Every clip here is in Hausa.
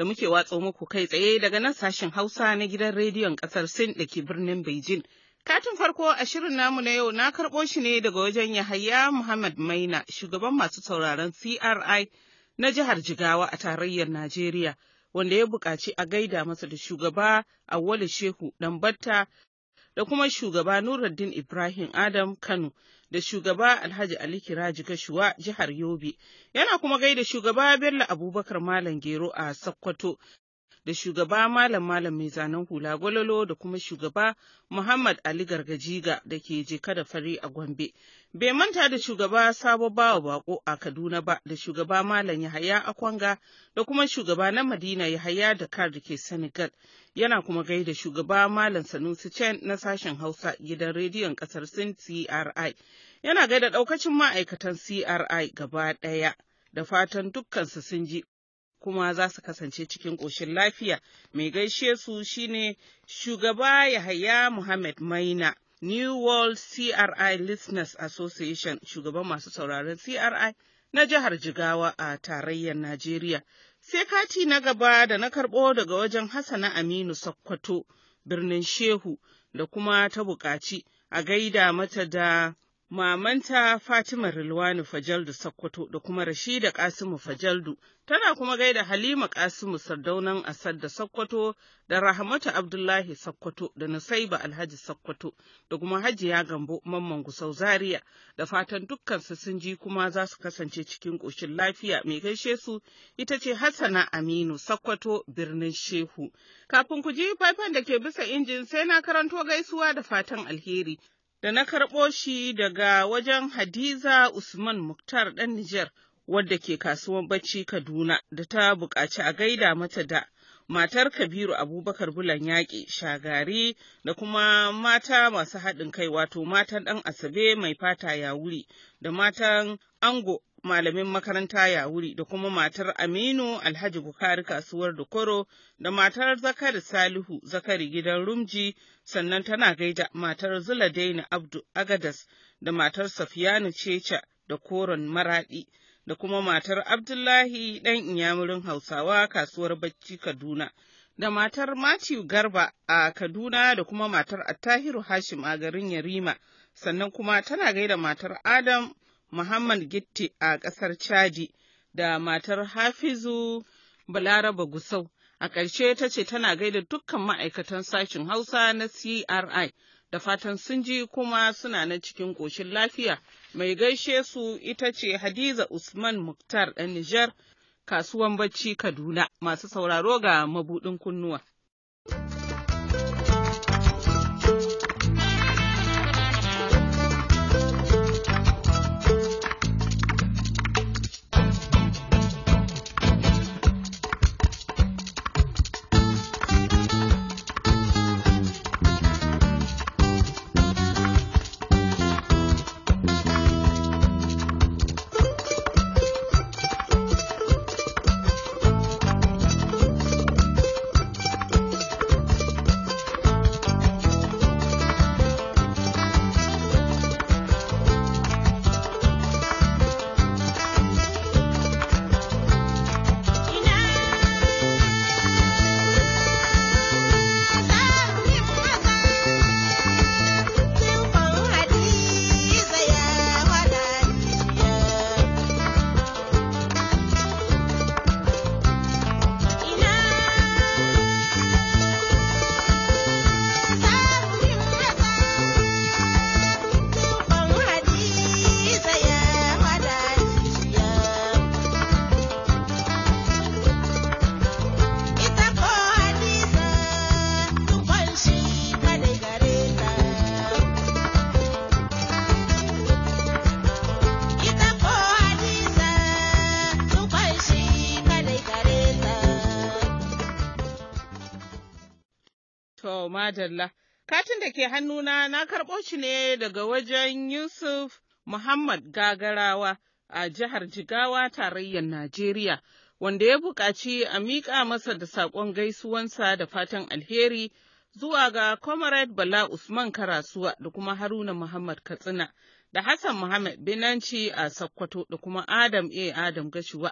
da muke watsa muku kai tsaye daga nan sashen Hausa na gidan rediyon ƙasar Sin da ke birnin Beijing. Katin farko a shirin namu na yau na karɓo shi ne daga wajen Yahaya Muhammad Maina, shugaban masu sauraron CRI na jihar Jigawa a tarayyar Najeriya, wanda ya buƙaci a gaida masa da shugaba a Shehu Dambatta da kuma shugaba Nuruddin Ibrahim Adam Kano da shugaba Alhaji Ali Kiraji Gashuwa jihar Yobe, yana kuma gaida shugaba Bello Abubakar Malam Gero a Sokoto da shugaba malam malam mai zanen hula gwalolo da kuma shugaba Muhammad Ali Gargajiga da ke jeka da fari a Gombe. Bai manta da shugaba Sabo Bawa Bako a Kaduna ba da shugaba Malam Yahaya Kwanga da kuma shugaba na Madina Yahaya Dakar da ke Senegal. Yana kuma gaida shugaba Malam Sanusi Chen na sashen Hausa gidan rediyon kasar Sin CRI. Yana gaida daukacin ma'aikatan CRI gaba ɗaya. Da fatan su sun ji kuma za su kasance cikin ƙoshin lafiya. Mai gaishe su shine shugaba Yahaya Muhammad Maina. New World CRI Listeners Association shugaban masu sauraron CRI na jihar Jigawa a tarayyar Najeriya. Sai kati na gaba da na karɓo daga wajen Hassana Aminu Sokoto birnin Shehu da kuma ta buƙaci a gaida mata da mamanta Fatima rilwani Fajaldu Sakkwato da kuma Rashida Kasimu Fajaldu, tana kuma gaida Halima Kasimu Sardaunan Asad da Sakkwato da Rahmatu Abdullahi Sakkwato da Nusaiba Alhaji Sakkwato da kuma Hajiya Gambo Mamman Gusau Zaria da fatan dukkan su sun ji kuma za su kasance cikin ƙoshin lafiya mai gaishe su ita ce Hassana Aminu Sakkwato birnin Shehu. Kafin ku ji faifan da ke bisa injin sai na karanto gaisuwa da fatan alheri. da na karɓo shi daga wajen Hadiza Usman Muktar ɗan Nijar wadda ke kasuwar bacci Kaduna da ta buƙaci a gaida mata da matar Kabiru Abubakar Bulan Yaƙi Shagari da kuma mata masu haɗin kai wato matan ɗan Asabe mai fata ya wuri da matan Ango malamin makaranta ya wuri da kuma matar Aminu Alhaji Bukari kasuwar dukoro da matar Zakari Salihu Zakari gidan Rumji sannan tana gaida matar Zuladaini Abdu Agadas da matar Safiyanu Cece da Koron Maradi da kuma matar Abdullahi ɗan Inyamurin Hausawa kasuwar Bacci Kaduna. da matar Matthew Garba a Kaduna da kuma matar Attahiru Hashim a garin Yarima, sannan kuma tana gaida matar Adam Muhammad Gitti a ƙasar Chadi da matar Hafizu Balaraba Gusau. A ƙarshe ta ce tana gaida dukkan ma'aikatan sashen Hausa na CRI da fatan sun ji kuma suna na cikin ƙoshin lafiya. Mai gaishe su ita ce Hadiza Usman mukhtar ɗan Nijar, kasuwan bacci Kaduna, masu sauraro ga mabuɗin kunnuwa. wa madalla. Katin da ke hannuna na karɓo shi ne daga wajen Yusuf Muhammad Gagarawa a jihar Jigawa tarayyar Najeriya, wanda ya buƙaci a miƙa masa da saƙon gaisuwansa da fatan alheri zuwa ga Comrade Bala Usman Karasuwa da kuma Haruna Muhammad Katsina da Hassan Muhammad Binanci a Sokoto da kuma Adam A. Adam Gashuwa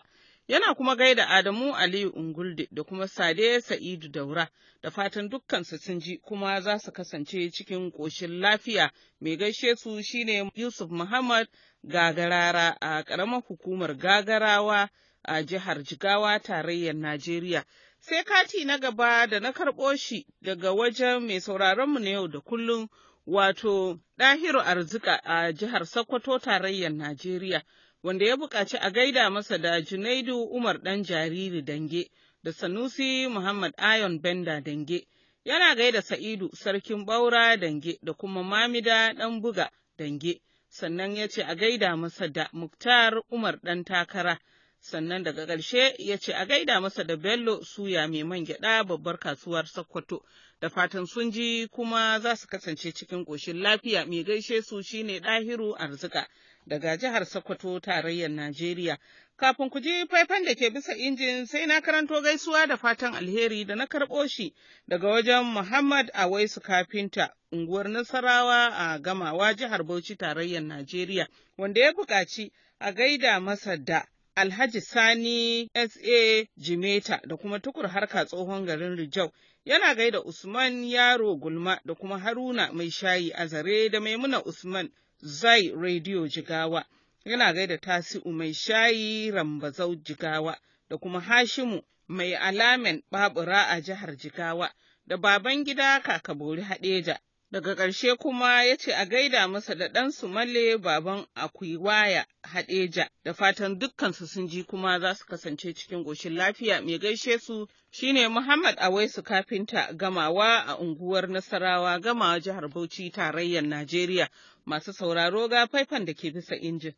yana kuma gaida Adamu Aliyu Ungulde da kuma Sade Sa'idu Daura da fatan su sun ji kuma za su kasance cikin ƙoshin lafiya mai gaishe su shine Yusuf Muhammad Gagarara a ƙaramar hukumar Gagarawa a jihar Jigawa tarayyar Najeriya. Sai kati na gaba da na karɓo shi daga wajen mai sauraronmu na yau da kullum wato ɗahiru arzika a jihar Sokoto tarayyar Najeriya. wanda ya buƙaci a gaida masa da Junaidu Umar ɗan jariri dange da Sanusi Muhammad Ayon Benda dange. Yana gaida Sa'idu Sarkin Baura dange da kuma Mamida ɗan buga dange, sannan ya ce a gaida masa da Muktar Umar ɗan takara. sannan daga ƙarshe ya ce a gaida masa da Bello suya mai man gyaɗa babbar kasuwar Sokoto. Da fatan sun ji kuma za su kasance cikin ƙoshin lafiya mai gaishe su shine ɗahiru arzika. daga jihar Sokoto tarayyar Najeriya. Kafin ku ji faifan da ke bisa injin sai na karanto gaisuwa da fatan alheri da na karɓo shi daga wajen Muhammad Awaisu Kafinta, unguwar Nasarawa a Gamawa jihar Bauchi tarayyar Najeriya, wanda ya buƙaci a gaida masa da Alhaji Sani S.A. Jimeta da kuma tukur harka tsohon garin Rijau. yana gaida Usman Yaro Gulma da kuma Haruna Mai Shayi a zare da Maimuna Usman Zai Radio Jigawa, yana gaida Tasi'u mai shayi Rambazau Jigawa da kuma Hashimu mai alamen Babura a jihar Jigawa da baban gida kaka bori haɗeja. Daga ƙarshe kuma ya ce a gaida masa da ɗansu malle baban akuiwaya haɗeja. da fatan dukkansu sun ji kuma za su kasance cikin goshin lafiya mai gaishe su shine Muhammad Awaisu kafinta gamawa a unguwar Nasarawa gamawa jihar Bauchi tarayyar Najeriya masu sauraro ga faifan da ke bisa injin.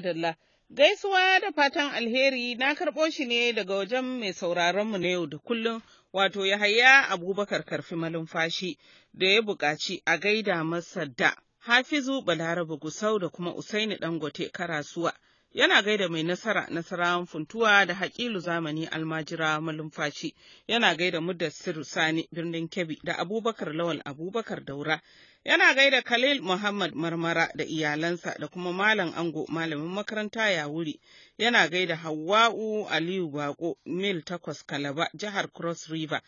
madalla. Gaisuwa da fatan alheri na karɓo shi ne daga wajen mai sauraronmu na yau da kullum wato Yahaya Abubakar Karfi Malumfashi da ya buƙaci a gaida masa da Hafizu Balarabe Gusau da kuma Usaini Dangote Karasuwa. Yana gaida mai nasara nasara funtuwa da haƙilu zamani almajira malumfashi, yana gaida muddar Sani birnin Kebbi da Abubakar Lawal Abubakar Daura. Yana gaida Khalil Muhammad Marmara da iyalansa da kuma Malam Ango malamin makaranta ya wuri. Yana gaida Hawwa'u Aliyu Bako mil takwas Kalaba jihar Cross River.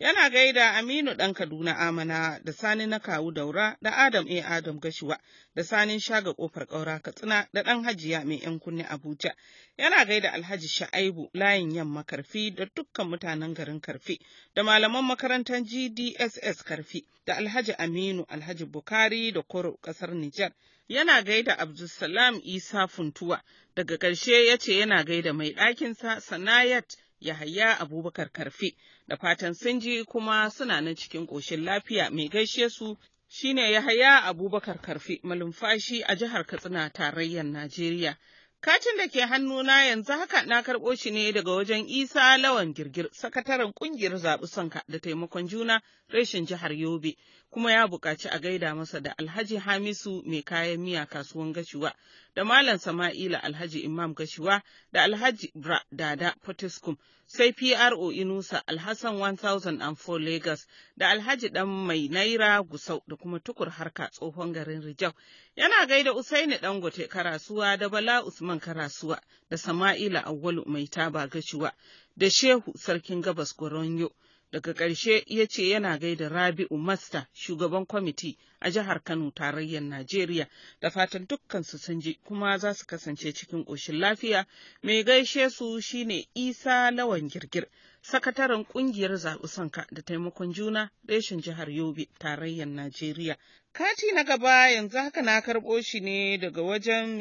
Yana gaida Aminu ɗan Kaduna Amana da Sani na kawu Daura da Adam A. Adam Gashuwa da Sani Shaga Ƙofar Ƙaura Katsina da ɗan Hajiya mai ‘yan kunne Abuja. Yana gaida Alhaji Sha'aibu layin yamma Karfi da dukkan mutanen garin Karfi da malaman makarantar GDSS Karfi da Alhaji Aminu Alhaji Bukari da Koro ƙasar Nijar. Yana gaida Abdulsalam Isa Funtuwa daga ƙarshe ya ce yana gaida mai ɗakinsa Sanayat Yahaya Abubakar Karfi da fatan sun ji kuma suna nan cikin ƙoshin lafiya mai gaishe su shine Yahaya Abubakar Karfi malumfashi a jihar Katsina tarayyar Najeriya. Katin da ke hannuna yanzu haka na karɓo shi ne daga wajen Isa Lawan Girgir, sakataren ƙungiyar zaɓi sanka da taimakon juna reshen jihar Yobe, kuma ya buƙaci a gaida masa da Alhaji Hamisu mai kayan miya kasuwan gashiwa da Malam Sama'ila Alhaji Imam gashiwa da Alhaji Bra Dada Potiskum sai PRO Inusa Alhassan 1004 Lagos da Alhaji Dan Mai Naira Gusau da kuma tukur harka tsohon garin Rijau. Yana gaida Usaini Dangote Karasuwa da Bala Usman Karasuwa da Sama'ila Awwalu Mai Taba Gashiwa da Shehu Sarkin Gabas Goronyo. Daga ƙarshe ya ce yana gaida Rabi'u Masta, shugaban kwamiti a jihar Kano tarayyar Najeriya, da fatan dukkansu sun ji kuma za su kasance cikin ƙoshin lafiya. Mai gaishe su shine Isa Lawan Girgir, sakataren ƙungiyar zaɓi sanka da taimakon juna reshen jihar Yobe tarayyar Najeriya. Kati na gaba yanzu haka na karɓo shi ne daga wajen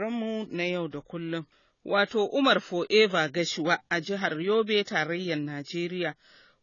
mai mu na yau da kullum. Wato Umar Fo'eva Gashuwa a jihar Yobe tarayyar Najeriya.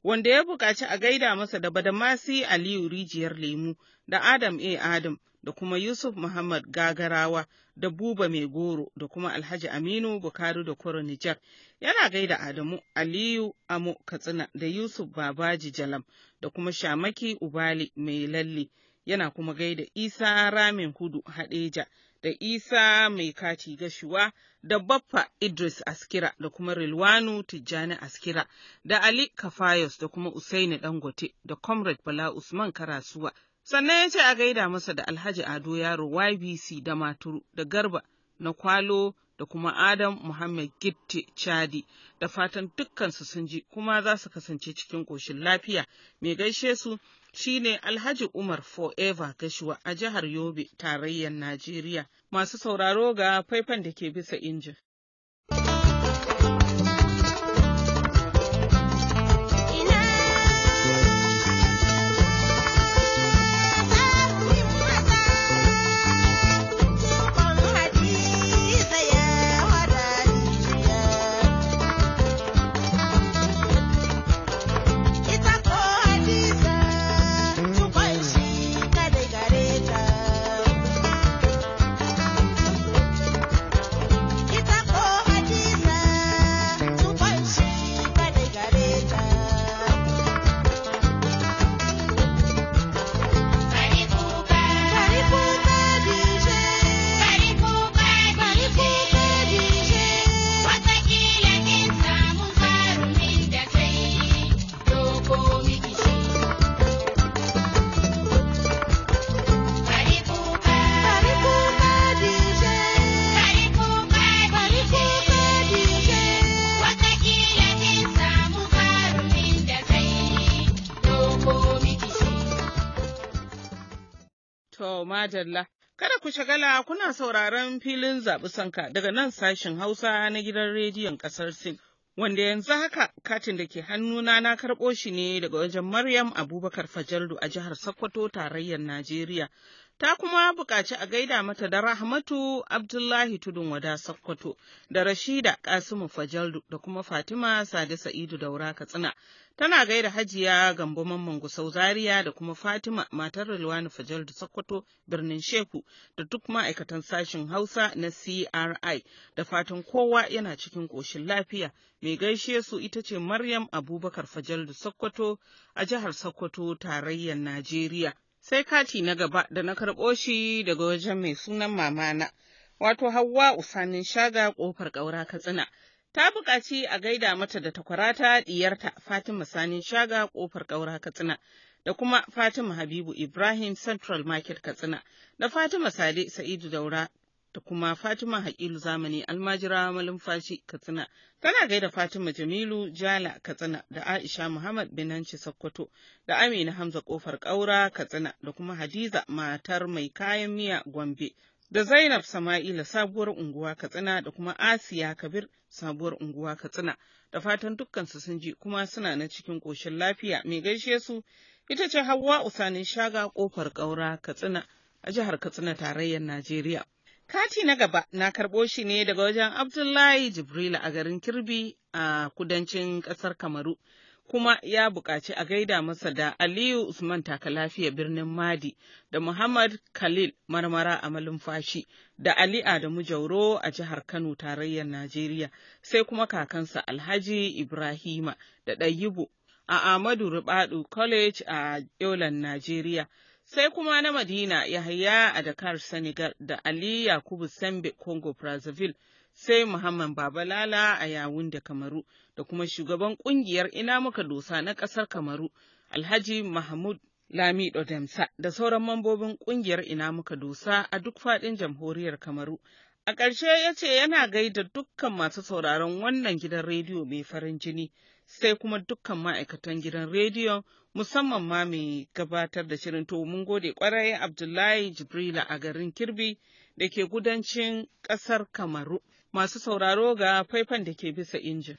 wanda ya buƙaci a gaida masa da Badamasi Aliyu Rijiyar Lemu da Adam A. Adam da kuma Yusuf Muhammad Gagarawa da Buba Mai Goro da kuma Alhaji Aminu Bukari da Kwaro Nijar. Yana gaida Adamu Aliyu Amo Katsina da Yusuf Babaji Jalam da kuma Shamaki Ubali Mai Lalle. Yana kuma gaida Isa Ramin Hudu haɗeja da Isa Mai Kati Gashuwa da Baffa Idris Askira da kuma Rilwanu Tijjani Askira da Ali Kafayos da kuma Usaini Dangote da Comrade Bala Usman Karasuwa. Sannan ya ce a gaida masa da Alhaji Ado Yaro YBC da Maturu da Garba na Kwalo da kuma Adam Muhammad Gitti Chadi da fatan dukkansu sun ji kuma za su kasance cikin ƙoshin lafiya. Mai gaishe su shine Alhaji Umar Forever Gashuwa a jihar Yobe, tarayyar Najeriya. masu sauraro ga faifan da ke bisa injin. Madalla. Kada ku shagala kuna sauraron filin zaɓi sanka daga nan sashen Hausa na gidan rediyon ƙasar Sin. Wanda yanzu haka katin da ke hannuna na karɓo shi ne daga wajen Maryam Abubakar Fajardu a jihar Sokoto tarayyar Najeriya. ta kuma buƙaci a gaida mata da Rahmatu Abdullahi Tudun Wada Sakkwato da Rashida Kasimu Fajaldu da kuma Fatima Sade Sa'idu Daura Katsina. Tana gaida Hajiya Gambo Mamman Gusau Zaria da kuma Fatima matar Rilwani Fajaldu Sakkwato birnin Shehu da duk ma'aikatan sashen Hausa na CRI da fatan kowa yana cikin ƙoshin lafiya. Mai gaishe su ita ce Maryam Abubakar Fajaldu Sakkwato a jihar Sakkwato tarayyar Najeriya. sai kati na gaba da na karɓo shi daga wajen mai sunan mamana, wato Hauwa Usanin Shaga ƙofar ƙaura Katsina. Ta buƙaci a gaida mata da takwarata ɗiyarta Fatima Sanin Shaga ƙofar ƙaura Katsina. da kuma Fatima Habibu Ibrahim Central Market Katsina da Fatima Sade Sa'idu Daura da kuma Fatima Haƙilu zamani almajira malumfashi Katsina. Tana gaida Fatima Jamilu Jala Katsina da Aisha Muhammad Binanci Sokoto da Amina Hamza Kofar Ƙaura Katsina da kuma Hadiza matar mai kayan miya Gombe da Zainab Sama'ila sabuwar unguwa Katsina da kuma Asiya Kabir sabuwar unguwa Katsina da fatan dukkansu sun ji kuma suna na cikin ƙoshin lafiya mai gaishe su ita ce Hauwa Usanin Shaga ƙofar Ƙaura Katsina a jihar Katsina tarayyar Najeriya. Kati na gaba na karɓo shi ne daga wajen Abdullahi Jibril a garin Kirbi a kudancin ƙasar Kamaru, kuma ya buƙaci a gaida masa da Aliyu Usman Takalafiya birnin Madi da Muhammad Khalil Marmara a Malumfashi da Ali Adamu Jauro a jihar Kano tarayyar Najeriya, sai kuma kakansa Alhaji Ibrahima da ɗayyubu a Ahmadu Rubadu College a Yolan Najeriya. sai kuma na Madina Yahaya a Dakar Senegal da Ali Yakubu Sambe Congo Brazzaville sai Muhammad Babalala a Yawun da Kamaru da kuma shugaban kungiyar Ina muka dosa na ƙasar Kamaru Alhaji Mahmud Lami Odemsa da sauran mambobin kungiyar Ina muka dosa a duk faɗin jamhuriyar Kamaru. A ƙarshe ya ce yana gaida dukkan masu sauraron wannan gidan rediyo mai farin jini sai kuma dukkan ma'aikatan gidan rediyon musamman ma mai gabatar da shirin to mun gode kwarai Abdullahi Jibrila a garin Kirbi da ke gudancin ƙasar Kamaru. Masu sauraro ga faifan da ke bisa injin.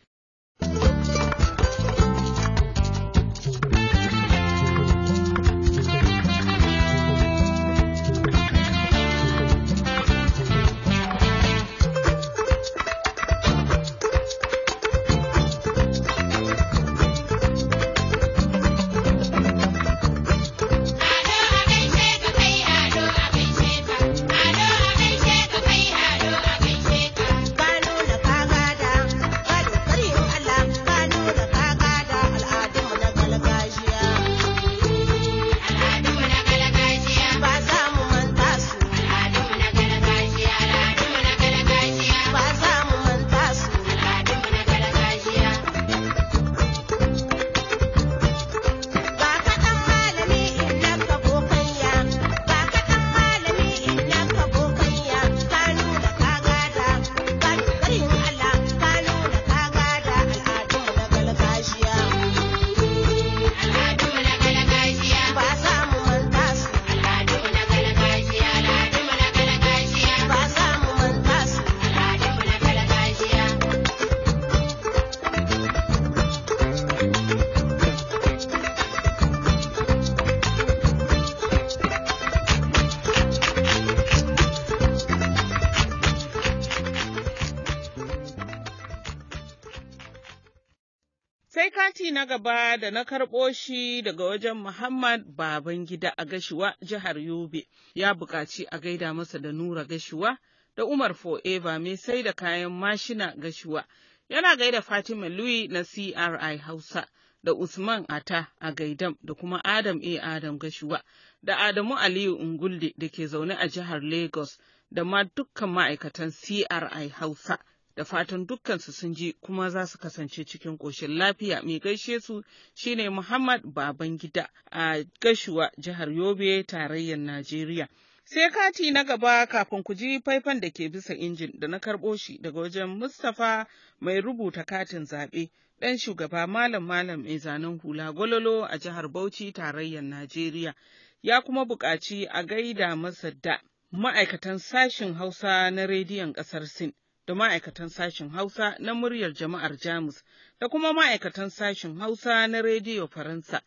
na gaba da na karɓo shi daga wajen Muhammad Babangida a Gashuwa, jihar Yobe, ya buƙaci a gaida masa da Nura Gashuwa da Umar Fo'eva mai sai da kayan mashina Gashuwa. Yana gaida Fatima Lui na CRI Hausa da Usman Ata a Gaidam da kuma Adam A. Adam Gashuwa da Adamu Aliyu Ungulde da ke zaune a jihar Lagos da ma dukkan ma'aikatan CRI Hausa. da fatan dukkansu sun ji kuma za su kasance cikin ƙoshin lafiya mai gaishe su shine Muhammad Babangida a Gashuwa jihar Yobe tarayyar Najeriya. Sai kati na gaba kafin ku ji faifan da ke bisa injin da na karɓo shi daga wajen Mustapha mai rubuta katin zaɓe ɗan shugaba malam malam mai zanen hula gwalolo a jihar Bauchi tarayyar Najeriya ya kuma buƙaci a gaida masa da ma'aikatan sashin Hausa na rediyon ƙasar Sin. da ma'aikatan sashen Hausa na muryar jama'ar Jamus da kuma ma'aikatan sashen Hausa na Rediyo Faransa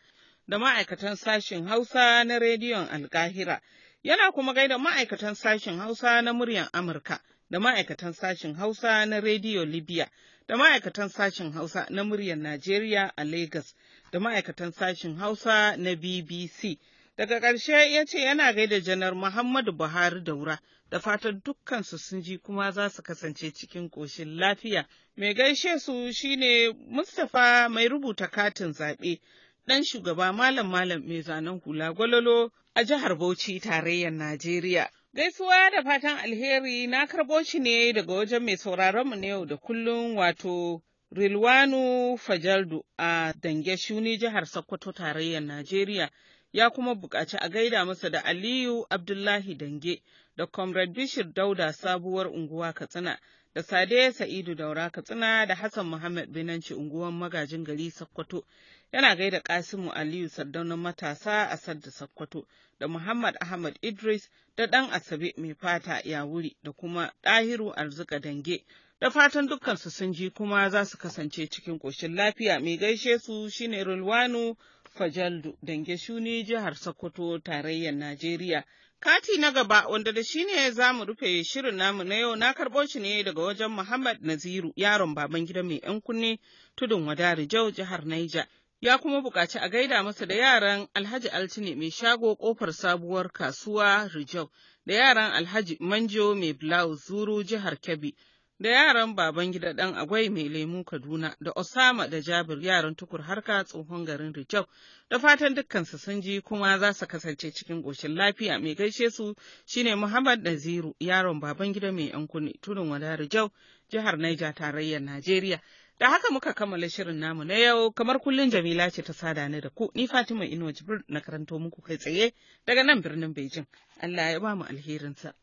da ma'aikatan sashen Hausa na Rediyon Alkahira. Yana kuma gaida ma'aikatan sashen Hausa na muryar Amurka da ma'aikatan sashen Hausa na Rediyo Libya da ma'aikatan sashen Hausa na muryar Najeriya a Lagos, da ma'aikatan sashen Hausa na BBC. Daga ƙarshe ya ce yana gaida janar Muhammadu Buhari daura da fatan dukkansu sun ji kuma za su kasance cikin ƙoshin lafiya. Mai gaishe su shine Mustapha mai rubuta katin zaɓe, ɗan shugaba malam malam mai zanen hula gwalolo a jihar Bauchi tarayyar Najeriya. Gaisuwa da fatan alheri na karɓo shi ne daga wajen mai sauraron mu na yau da kullum wato Rilwanu Fajaldu a Dange Shuni jihar Sokoto tarayyar Najeriya. ya kuma buƙaci a gaida masa da Aliyu Abdullahi Dange da Comrade Bishir Dauda sabuwar unguwa Katsina da Sade Sa'idu Daura Katsina da Hassan Muhammad Binanci unguwar magajin gari Sokoto yana gaida Kasimu Aliyu Sardaunan matasa a Sadda Sokoto da Muhammad Ahmad Idris da ɗan Asabe mai fata ya wuri da kuma Ɗahiru Arzika Dange da fatan dukkansu sun ji kuma za su kasance cikin ƙoshin lafiya mai gaishe su shine Rulwanu Fajaldu Jaldu Dange Shuni jihar Sokoto tarayyar Najeriya. Kati na gaba wanda da shi ne za mu rufe shirin namu na yau na karɓo shi ne daga wajen Muhammad Naziru yaron baban gida mai ‘yan kunne tudun wadari jau jihar Naija. Ya kuma buƙaci a gaida masa da yaran Alhaji Altine mai shago ƙofar sabuwar kasuwa Rijau da yaran Alhaji Manjo mai Blau Zuru jihar Kebbi. da yaran baban gida ɗan Agwai mai lemu Kaduna da Osama da Jabir yaran tukur harka tsohon garin Rijau da fatan dukkansu sun ji kuma za su kasance cikin ƙoshin lafiya mai gaishe su shine Muhammad Naziru yaron baban gida mai kunne tudun wada Rijau jihar Niger tarayyar Najeriya. Da haka muka kammala shirin namu na yau kamar kullum Jamila ce ta sada ni da ku ni Fatima Ino Jibril na karanto muku kai tsaye daga nan birnin Bejin. Allah ya ba mu alherinsa.